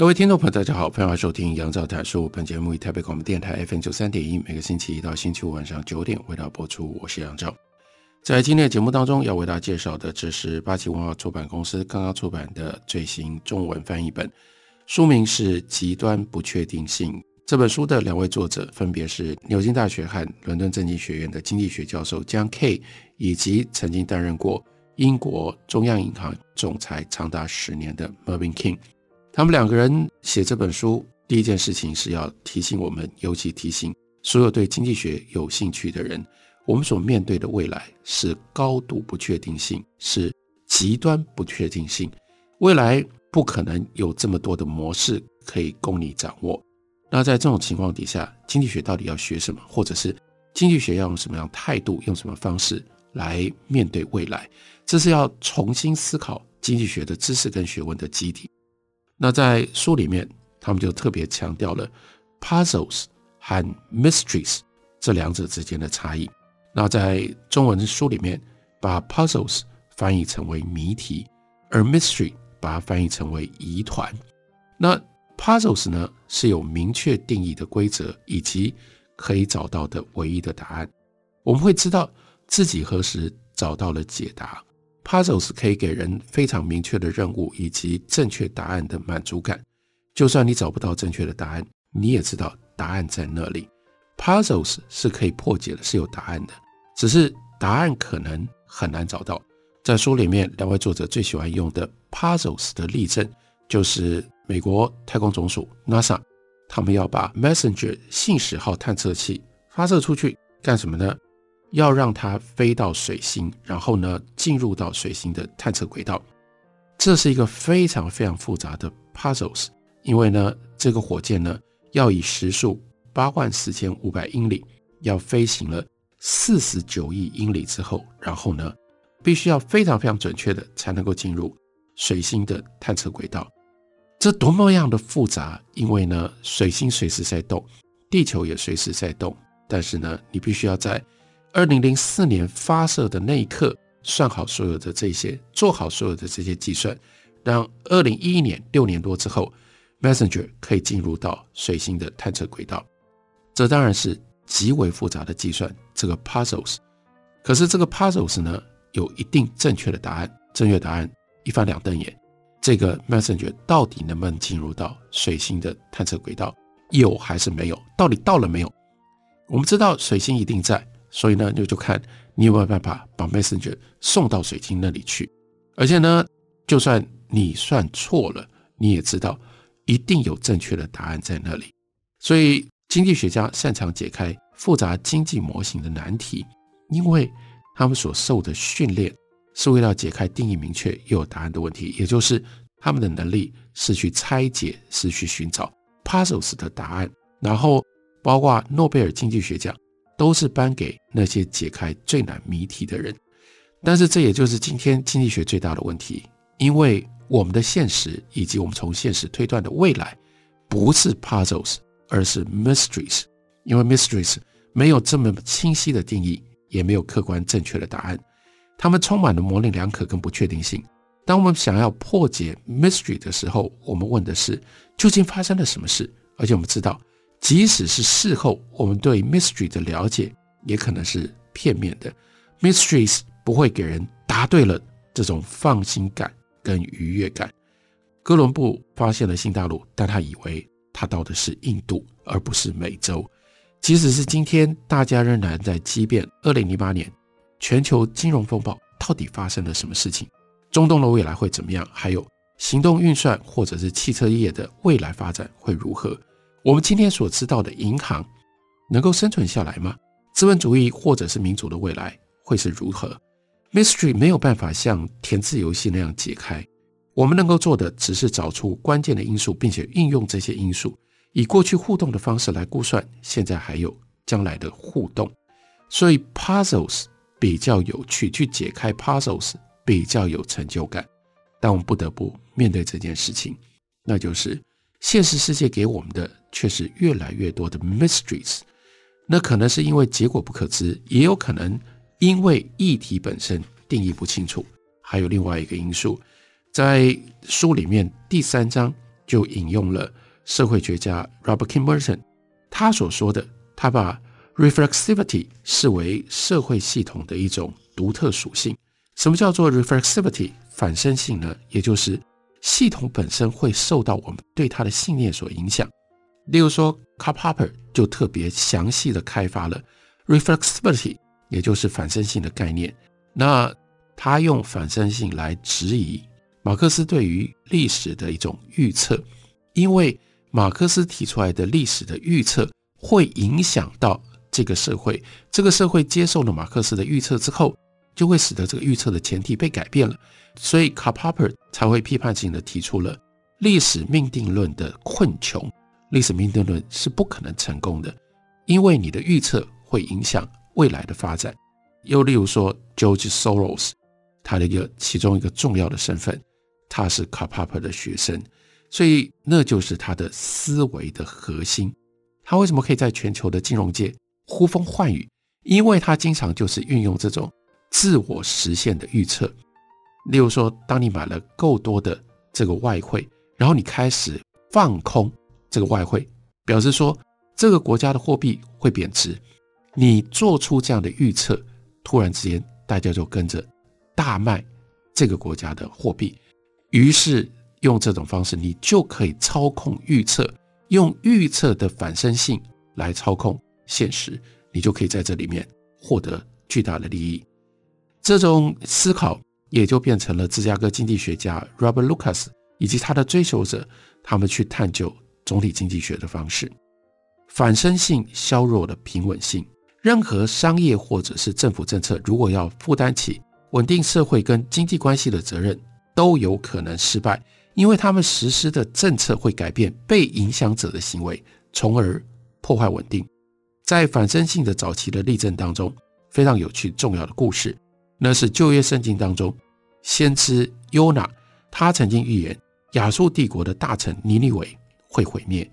各位聽眾朋友，大家好，歡迎收聽楊照談書。本節目以台北廣播電臺 FM 九三點一每個星期一到星期五晚上九點為大家播出。我是楊照。在今天的節目當中，要為大家介紹的，這是八旗文化出版公司剛剛出版的最新中文翻譯本，書名是《極端不確定性》。這本書的兩位作者分別是牛津大學和倫敦政經學院的經濟學教授 John Kay，以及曾經擔任過英國中央銀行總裁長達十年的 Mervin King。他們兩個人寫這本書，第一件事情是要提醒我們，尤其提醒所有對經濟學有興趣的人，我們所面對的未來是高度不確定性，是極端不確定性。未來不可能有這麼多的模式可以供你掌握。那在這種情況底下，經濟學到底要學什麼，或者是經濟學要用什麼樣態度、用什麼方式來面對未來？這是要重新思考經濟學的知識跟學問的基底。那在書裡面，他們就特別強調了 puzzles 和 mysteries 這兩者之間的差異。那在中文的書裡面，把 puzzles 翻譯成為謎題，而 mystery 把它翻譯成為疑團。那 puzzles 呢是有明確定義的規則以及可以找到的唯一的答案，我們會知道自己何時找到了解答。Puzzles 可以給人非常明確的任務以及正確答案的滿足感。就算你找不到正確的答案，你也知道答案在那裡。Puzzles 是可以破解的，是有答案的，只是答案可能很難找到。在書裡面，兩位作者最喜歡用的 puzzles 的例證，就是美國太空總署 NASA，他們要把 Messenger 信使號探測器發射出去，幹什麼呢？要讓它飛到水星，然後呢進入到水星的探測軌道，這是一個非常非常複雜的 puzzles。因為呢這個火箭呢要以時速八萬四千五百英里，要飛行了四十九億英里之後，然後呢必須要非常非常準確的才能夠進入水星的探測軌道。這多麼樣的複雜！因為呢水星隨時在動，地球也隨時在動，但是呢你必須要在。二零零四年發射的那一刻，算好所有的這些，做好所有的這些計算，讓二零一一年六年多之後，Messenger 可以進入到水星的探測軌道。這當然是極為複雜的計算，這個 puzzles。可是這個 puzzles 呢，有一定正確的答案，正確答案一翻兩瞪眼，這個 Messenger 到底能不能進入到水星的探測軌道？有還是沒有？到底到了沒有？我們知道水星一定在。所以呢，就就看你有沒有辦法把 Messenger 送到水晶那裡去。而且呢，就算你算錯了，你也知道一定有正確的答案在那裡。所以，經濟學家擅長解開複雜經濟模型的難題，因為他們所受的訓練是為了解開定義明確又有答案的問題，也就是他們的能力是去拆解，是去尋找 puzzles 的答案，然後包括諾貝爾經濟學獎。都是頒給那些解開最難謎題的人，但是這也就是今天經濟學最大的問題，因為我們的現實以及我們從現實推斷的未來，不是 puzzles，而是 mysteries。因為 mysteries 沒有這麼清晰的定義，也沒有客觀正確的答案，它們充滿了模棱兩可跟不確定性。當我們想要破解 mystery 的時候，我們問的是究竟發生了什麼事，而且我們知道。即使是事後，我們對 mystery 的了解也可能是片面的。mysteries 不會給人答對了這種放心感跟愉悅感。哥倫布發現了新大陸，但他以為他到的是印度而不是美洲。即使是今天，大家仍然在激辯：2008年全球金融風暴到底發生了什麼事情？中東的未來會怎麼樣？還有行動運算或者是汽車業的未來發展會如何？我們今天所知道的銀行能夠生存下來嗎？資本主義或者是民主的未來會是如何？Mystery 沒有辦法像填字遊戲那樣解開。我們能夠做的只是找出關鍵的因素，並且運用這些因素，以過去互動的方式來估算現在還有將來的互動。所以 Puzzles 比較有趣，去解開 Puzzles 比較有成就感。但我們不得不面對這件事情，那就是。現實世界給我們的卻是越來越多的 mysteries，那可能是因為結果不可知，也有可能因為議題本身定義不清楚。還有另外一個因素，在書裡面第三章就引用了社會學家 Robert K. Merton，他所說的，他把 reflexivity 視為社會系統的一種獨特屬性。什麼叫做 reflexivity 反身性呢？也就是系統本身會受到我們對它的信念所影響，例如說 Karl Popper 就特別詳細的開發了 reflexivity 也就是反身性的概念。那他用反身性來質疑馬克思對於歷史的一種預測，因為馬克思提出來的歷史的預測會影響到這個社會，這個社會接受了馬克思的預測之後。就會使得這個預測的前提被改變了，所以 Karl Popper 才會批判性的提出了歷史命定論的困窮，歷史命定論是不可能成功的，因為你的預測會影響未來的發展。又例如說，George Soros，他的一個其中一個重要的身份，他是 Karl Popper 的學生，所以那就是他的思維的核心。他為什麼可以在全球的金融界呼風喚雨？因為他經常就是運用這種。自我實現的預測，例如說，當你買了夠多的這個外匯，然後你開始放空這個外匯，表示說這個國家的貨幣會貶值，你做出這樣的預測，突然之間大家就跟着大賣這個國家的貨幣，於是用這種方式，你就可以操控預測，用預測的反身性來操控現實，你就可以在這裡面獲得巨大的利益。這種思考也就變成了芝加哥經濟學家 Robert Lucas 以及他的追求者，他們去探究總體經濟學的方式。反身性削弱了平穩性。任何商業或者是政府政策，如果要負擔起穩定社會跟經濟關係的責任，都有可能失敗，因為他們實施的政策會改變被影響者的行為，從而破壞穩定。在反身性的早期的例證當中，非常有趣重要的故事。那是舊約聖經當中，先知尤娜，他曾經預言亞述帝國的大城尼尼維會毀滅，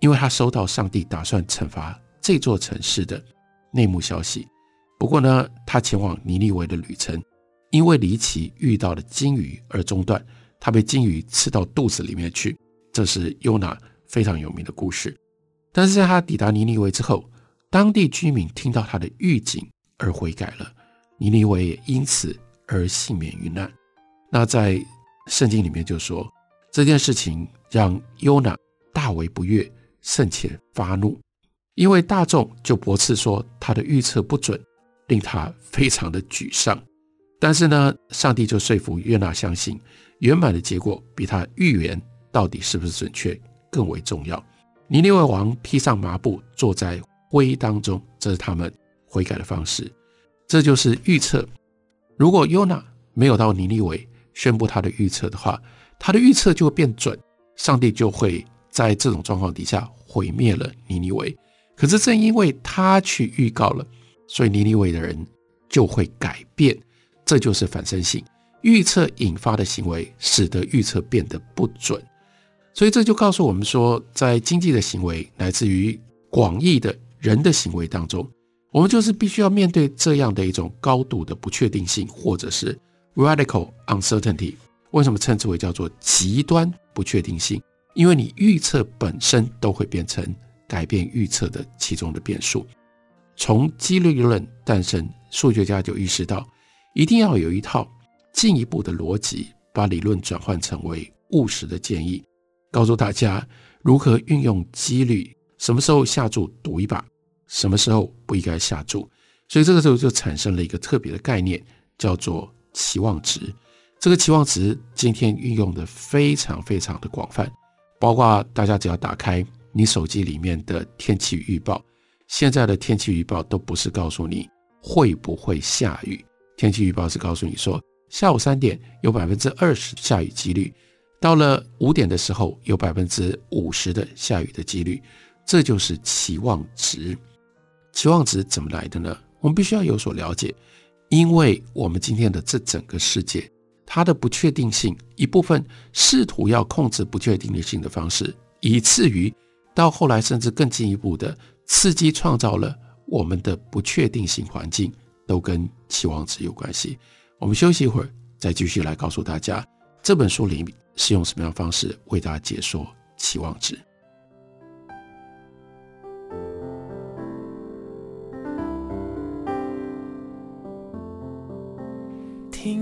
因為他收到上帝打算懲罰這座城市的內幕消息。不過呢，他前往尼尼維的旅程，因為離奇遇到了鯨魚而中斷，他被鯨魚吃到肚子裡面去。這是優娜、ah、非常有名的故事。但是在他抵達尼尼維之後，當地居民聽到他的預警而悔改了。尼尼維也因此而倖免於難。那在聖經裡面就說，這件事情讓約拿大為不悅，甚且發怒，因為大眾就駁斥說他的預測不準，令他非常的沮喪。但是呢，上帝就說服約拿相信，圓滿的結果比他預言到底是不是準確更為重要。尼尼維王披上麻布坐在灰當中，這是他們悔改的方式。這就是預測。如果尤娜沒有到尼尼維宣布他的預測的話，他的預測就會變準，上帝就會在這種狀況底下毀滅了尼尼維。可是正因為他去預告了，所以尼尼維的人就會改變。這就是反身性預測引發的行為，使得預測變得不準。所以這就告訴我們說，在經濟的行為乃至於廣義的人的行為當中。我們就是必須要面對這樣的一種高度的不確定性，或者是 radical uncertainty。為什麼稱之為叫做極端不確定性？因為你預測本身都會變成改變預測的其中的變數。從幾率理論誕生，數學家就意識到，一定要有一套進一步的邏輯，把理論轉換成為務實的建議，告訴大家如何運用幾率，什麼時候下注賭一把。什麼時候不應該下注？所以這個時候就產生了一個特別的概念，叫做期望值。這個期望值今天運用的非常非常的廣泛，包括大家只要打開你手機裡面的天氣預報，現在的天氣預報都不是告訴你會不會下雨，天氣預報是告訴你說，下午三點有百分之二十下雨幾率，到了五點的時候有百分之五十的下雨的幾率，這就是期望值。期望值怎麼來的呢？我們必須要有所了解，因為我們今天的這整個世界，它的不確定性，一部分試圖要控制不確定性的方式，以至於到後來甚至更進一步的刺激創造了我們的不確定性環境，都跟期望值有關係。我們休息一會兒，再繼續來告訴大家這本書裡是用什麼樣的方式為大家解說期望值。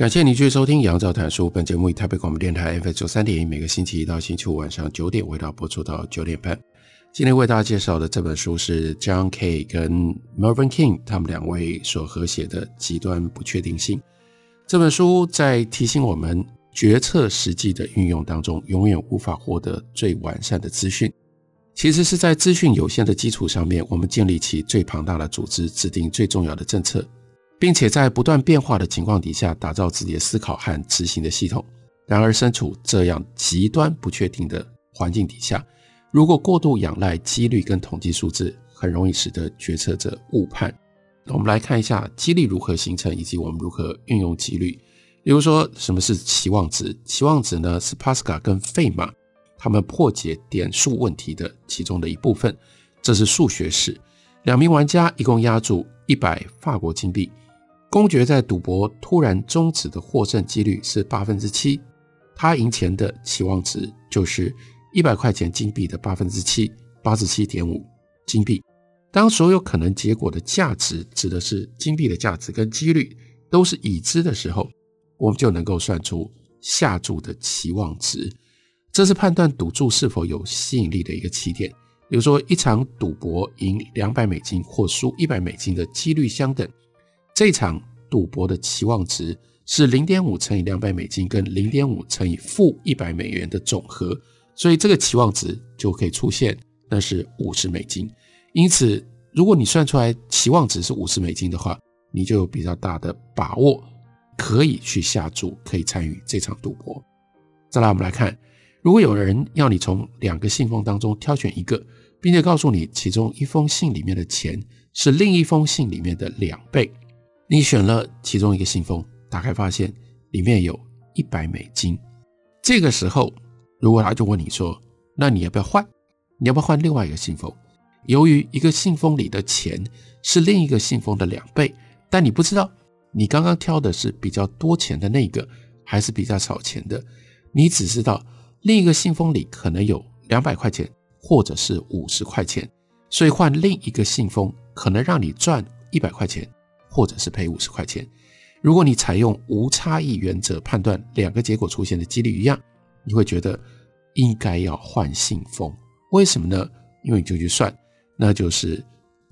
感謝您繼續收聽《楊照談書》。本節目以台北廣播電台 FM 九三點一每個星期一到星期五晚上九點，為大家播出到九點半。今天為大家介紹的這本書是 John Kay 跟 Mervyn King 他們兩位所合寫的《極端不確定性》。這本書在提醒我們，決策實際的運用當中，永遠無法獲得最完善的資訊。其實是在資訊有限的基礎上面，我們建立起最龐大的組織，制定最重要的政策。並且在不斷變化的情況底下，打造自己的思考和執行的系統。然而，身處這樣極端不確定的環境底下，如果過度仰賴幾率跟統計數字，很容易使得決策者誤判。那我們來看一下幾率如何形成，以及我們如何運用幾率。比如說，什麼是期望值？期望值呢是帕斯卡跟費馬他們破解點數問題的其中的一部分。這是數學史。兩名玩家一共押注一百法國金幣。公爵在賭博突然終止的獲勝幾率是八分之七，他贏錢的期望值就是一百塊錢金幣的八分之七，八十七點五金幣。當所有可能結果的價值指的是金幣的價值跟幾率都是已知的時候，我們就能夠算出下注的期望值，這是判斷賭注是否有吸引力的一個起點。比如說，一場賭博贏兩百美金或輸一百美金的幾率相等。這場賭博的期望值是零點五乘以兩百美金跟零點五乘以負一百美元的總和，所以這個期望值就可以出現，那是五十美金。因此，如果你算出來期望值是五十美金的話，你就有比較大的把握可以去下注，可以參與這場賭博。再來，我們來看，如果有人要你從兩個信封當中挑選一個，並且告訴你其中一封信裡面的錢是另一封信裡面的兩倍。你選了其中一個信封，打開發現裡面有一百美金。這個時候，如果他就問你說：“那你要不要換？你要不要換另外一個信封？”由於一個信封裡的錢是另一個信封的兩倍，但你不知道你剛剛挑的是比較多錢的那個，還是比較少錢的。你只知道另一個信封裡可能有兩百塊錢，或者是五十塊錢，所以換另一個信封可能讓你賺一百塊錢，或者是賠五十塊錢。如果你採用無差異原則判斷兩個結果出現的幾率一樣，你會覺得應該要換信封。為什麼呢？因為你就去算，那就是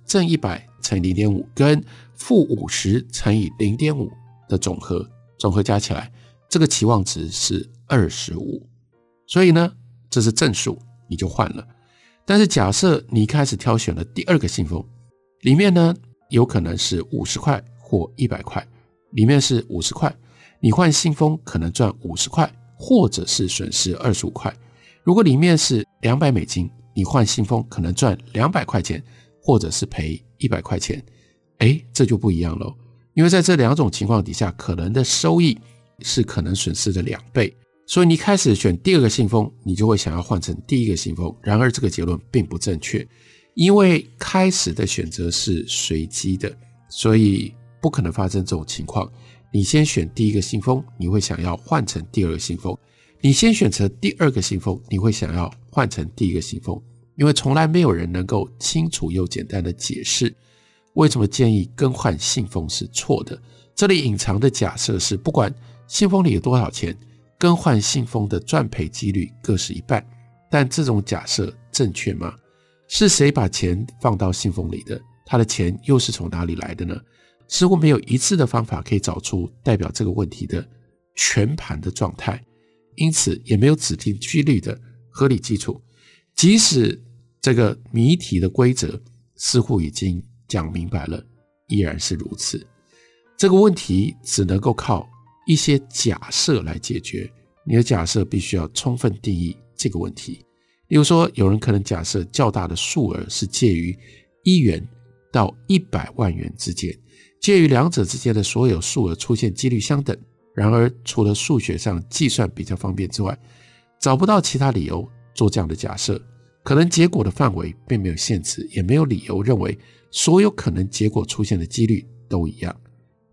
正一百乘以零點五跟負五十乘以零點五的總和，總和加起來，這個期望值是二十五。所以呢，這是正數，你就換了。但是假設你一開始挑選了第二個信封，裡面呢？有可能是五十塊或一百塊，裡面是五十塊，你換信封可能賺五十塊，或者是損失二十五塊。如果裡面是兩百美金，你換信封可能賺兩百塊錢，或者是賠一百塊錢。誒、欸，這就不一樣嘍，因為在這兩種情況底下，可能的收益是可能損失的兩倍。所以你一開始選第二個信封，你就會想要換成第一個信封。然而，這個結論並不正確。因為開始的選擇是隨機的，所以不可能發生這種情況。你先選第一個信封，你會想要換成第二個信封；你先選擇第二個信封，你會想要換成第一個信封。因為從來沒有人能夠清楚又簡單的解釋為什麼建議更換信封是錯的。這裡隱藏的假設是，不管信封裡有多少錢，更換信封的賺賠幾率各是一半。但這種假設正確嗎？是誰把錢放到信封裡的？他的錢又是從哪裡來的呢？似乎沒有一次的方法可以找出代表這個問題的全盤的狀態，因此也沒有指定幾率的合理基礎。即使這個謎題的規則似乎已經講明白了，依然是如此。這個問題只能夠靠一些假設來解決。你的假設必須要充分定義這個問題。例如說，有人可能假設較大的數額是介於一元到一百萬元之間，介於兩者之間的所有數額出現幾率相等。然而，除了數學上計算比較方便之外，找不到其他理由做這樣的假設。可能結果的範圍並沒有限制，也沒有理由認為所有可能結果出現的幾率都一樣。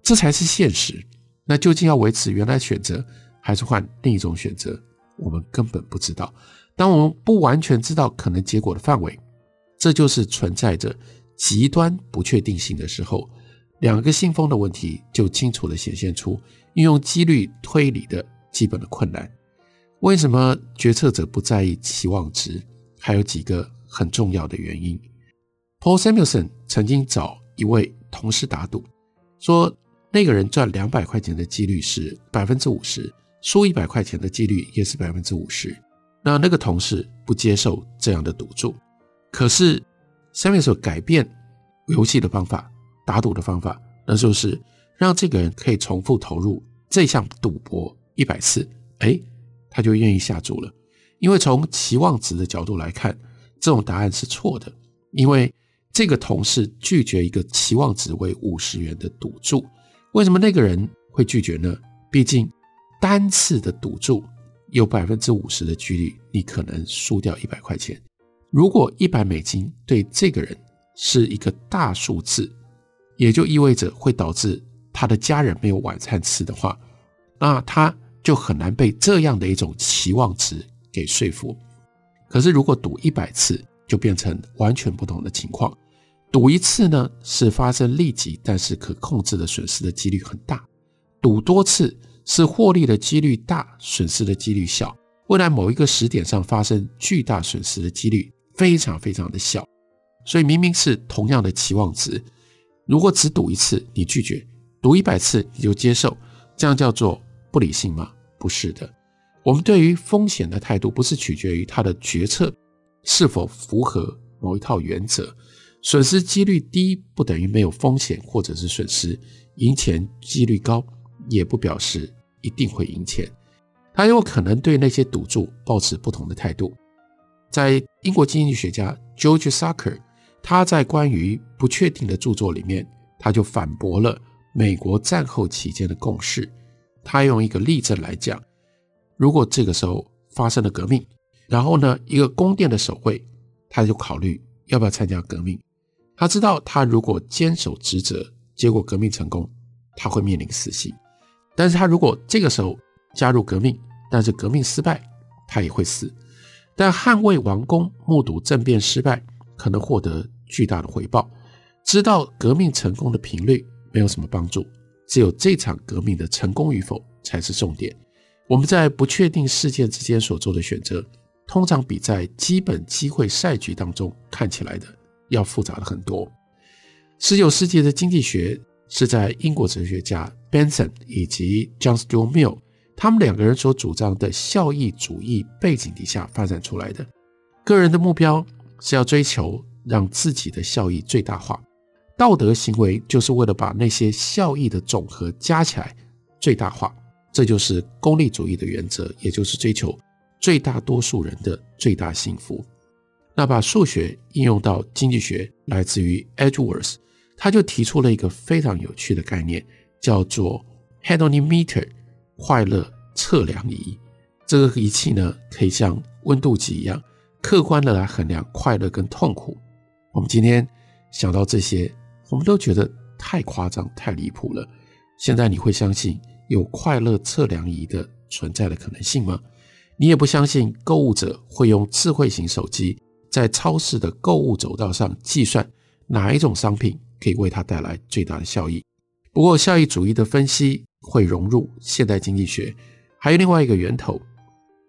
這才是現實。那究竟要維持原來選擇，還是換另一種選擇？我們根本不知道。當我們不完全知道可能結果的範圍，這就是存在着極端不確定性的時候，兩個信封的問題就清楚地顯現出運用幾率推理的基本的困難。為什麼決策者不在意期望值？還有幾個很重要的原因。Paul Samuelson 曾經找一位同事打賭，說那個人賺兩百塊錢的幾率是百分之五十，輸一百塊錢的幾率也是百分之五十。那那個同事不接受這樣的賭注，可是，下面所改變遊戲的方法，打賭的方法，那就是讓這個人可以重複投入這項賭博一百次。哎，他就願意下注了，因為從期望值的角度來看，這種答案是錯的。因為這個同事拒絕一個期望值為五十元的賭注，為什麼那個人會拒絕呢？畢竟單次的賭注。有百分之五十的幾率，你可能輸掉一百塊錢。如果一百美金對這個人是一個大數字，也就意味着會導致他的家人沒有晚餐吃的話，那他就很難被這樣的一種期望值給說服。可是，如果賭一百次，就變成完全不同的情況。賭一次呢，是發生立即但是可控制的損失的幾率很大；賭多次。是獲利的幾率大，損失的幾率小。未來某一個時點上發生巨大損失的幾率非常非常的小，所以明明是同樣的期望值，如果只賭一次你拒絕，賭一百次你就接受，這樣叫做不理性嗎？不是的。我們對於風險的態度不是取決於他的決策是否符合某一套原則，損失幾率低不等於沒有風險或者是損失，贏錢幾率高也不表示。一定會贏錢，他有可能對那些賭注抱持不同的態度。在英國經濟學家 George Shackle，他在關於不確定的著作裡面，他就反駁了美國戰後期間的共識。他用一個例證來講：如果這個時候發生了革命，然後呢，一個宮殿的守衛，他就考慮要不要參加革命。他知道，他如果堅守職責，結果革命成功，他會面臨死刑。但是他如果這個時候加入革命，但是革命失敗，他也會死。但捍衛王宮，目睹政變失敗，可能獲得巨大的回報。知道革命成功的頻率沒有什麼幫助，只有這場革命的成功與否才是重點。我們在不確定事件之間所做的選擇，通常比在基本機會賽局當中看起來的要複雜得很多。十九世紀的經濟學。是在英國哲學家 Benson 以及 John Stuart Mill 他們兩個人所主張的效益主義背景底下發展出來的。個人的目標是要追求讓自己的效益最大化，道德行為就是為了把那些效益的總和加起來最大化。這就是功利主義的原則，也就是追求最大多數人的最大幸福。那把數學應用到經濟學，來自於 Edwards。他就提出了一個非常有趣的概念，叫做 Hedonimeter（ 快樂測量儀）。這個儀器呢，可以像溫度計一樣，客觀的來衡量快樂跟痛苦。我們今天想到這些，我們都覺得太誇張、太離譜了。現在你會相信有快樂測量儀的存在的可能性嗎？你也不相信購物者會用智慧型手機在超市的購物走道上計算哪一種商品可以為他帶來最大的效益。不過，效益主義的分析會融入現代經濟學。還有另外一個源頭：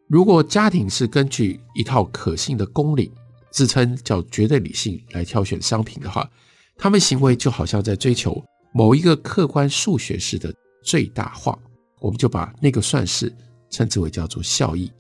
如果家庭是根據一套可信的公理，自稱叫絕對理性來挑選商品的話，他們行為就好像在追求某一個客觀數學式的最大化。我們就把那個算式稱之為叫做效益，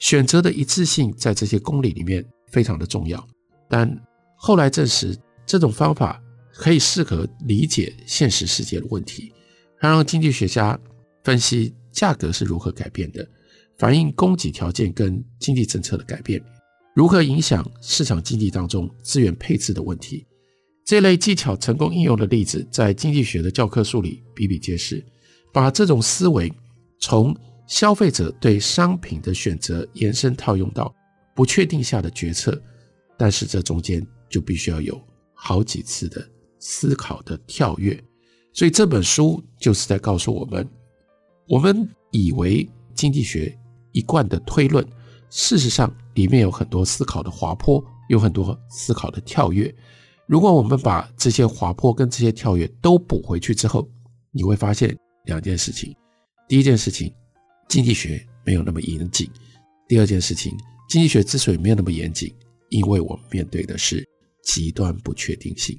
選擇的一致性在這些公理裡面非常的重要。但後來證實，這種方法。可以適合理解現實世界的問題，還讓經濟學家分析價格是如何改變的，反映供給條件跟經濟政策的改變，如何影響市場經濟當中資源配置的問題。這類技巧成功應用的例子，在經濟學的教科書裡比比皆是。把這種思維從消費者對商品的選擇延伸套用到不確定下的決策，但是這中間就必須要有好幾次的。思考的跳躍，所以這本書就是在告訴我們：我們以為經濟學一貫的推論，事實上裡面有很多思考的滑坡，有很多思考的跳躍。如果我們把這些滑坡跟這些跳躍都補回去之後，你會發現兩件事情：第一件事情，經濟學沒有那麼嚴謹；第二件事情，經濟學之所以沒有那麼嚴謹，因為我們面對的是極端不確定性。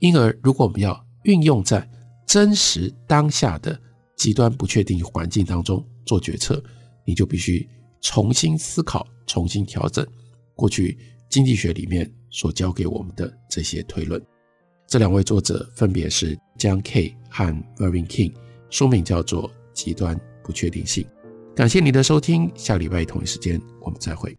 因而，如果我們要運用在真實當下的極端不確定環境當中做決策，你就必須重新思考、重新調整過去經濟學裡面所教給我們的這些推論。這兩位作者分別是 John Kay 和 Mervyn King，書名叫做《極端不確定性》。感謝您的收聽，下禮拜同一時間我們再會。